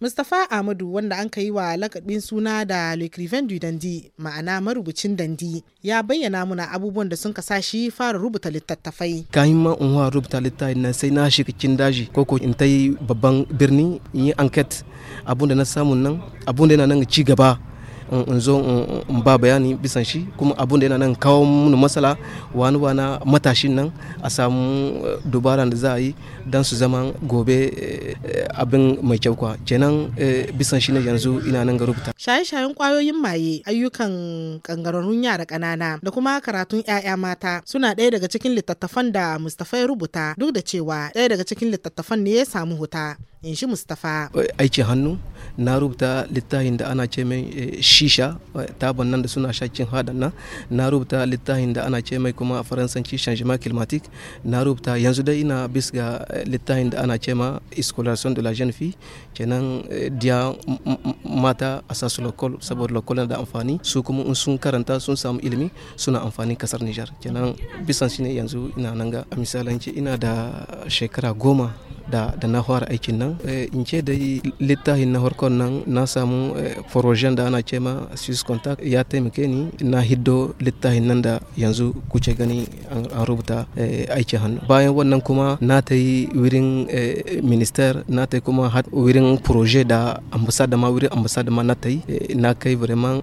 Mustapha Ahmadu wanda an ka yi wa lakabin suna da Lecrivain du Dandi ma'ana marubucin Dandi ya bayyana muna abubuwan da sun kasa shi fara rubuta littattafai. Kayan ma unwa rubuta littattafai na sai na shiga cikin daji ko ko in yi babban birni in yi enquete abun da na samu nan abun da yana nan ci gaba in zo in ba bayani bisan shi kuma abun da yana nan kawo mun matsala wani wana matashin nan a samu eh, dubara da za a yi don su zama gobe eh, abin mai kyau kwa kenan eh, bisan shi ne yanzu ina nan ga rubuta shaye-shayen kwayoyin maye ayyukan kangararrun yara ƙanana da kuma karatun 'ya'ya mata suna ɗaya daga cikin littattafan da mustafa ya rubuta duk da cewa ɗaya daga cikin littattafan ne ya samu huta in shi mustafa. aikin hannu na rubuta littafin da ana ce mai shisha eh, tabon nan da suna shakin hadan nan na rubuta littafin da ana ce mai kuma a faransanci changement climatique na rubuta yanzu dai ina bis ga eh, littafin da ana ce ma escolation de la jeune fille kenan eh, dia mata a sasu lokol saboda lokol da amfani su kuma in sun karanta sun samu ilimi suna amfani kasar niger kenan bisan shine yanzu ina nan ga misalanci ina da shekara goma da, da na fara aikin nan eh, in ce da littafin na farkon nan na samu forojen eh, da ana ce ma swiss contact ya taimake ni na hiddo littafin nan da yanzu kuce gani an rubuta eh, aikin hannu bayan wannan kuma na ta yi wurin minister na ta yi kuma wurin proje da ambasada ma wurin ambasada ma na ta yi na kai vraiment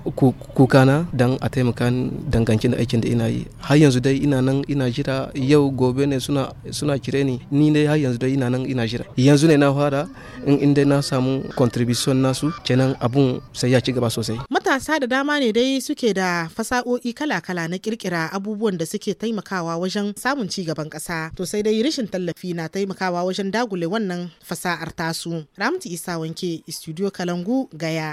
kukana dan a taimaka dangancin da aikin da ina yi har yanzu dai ina nan ina jira yau gobe ne suna suna kire ni ni dai har yanzu dai ina nan na jira yanzu ne na fara in inda na samu contribution nasu kenan abun sai ya ci gaba sosai matasa da dama ne dai suke da fasa'o'i kala-kala na kirkira abubuwan da suke taimakawa wajen samun ci gaban kasa to sai dai rashin tallafi na taimakawa wajen dagule wannan fasa'ar tasu ramtu isa wanke studio kalangu gaya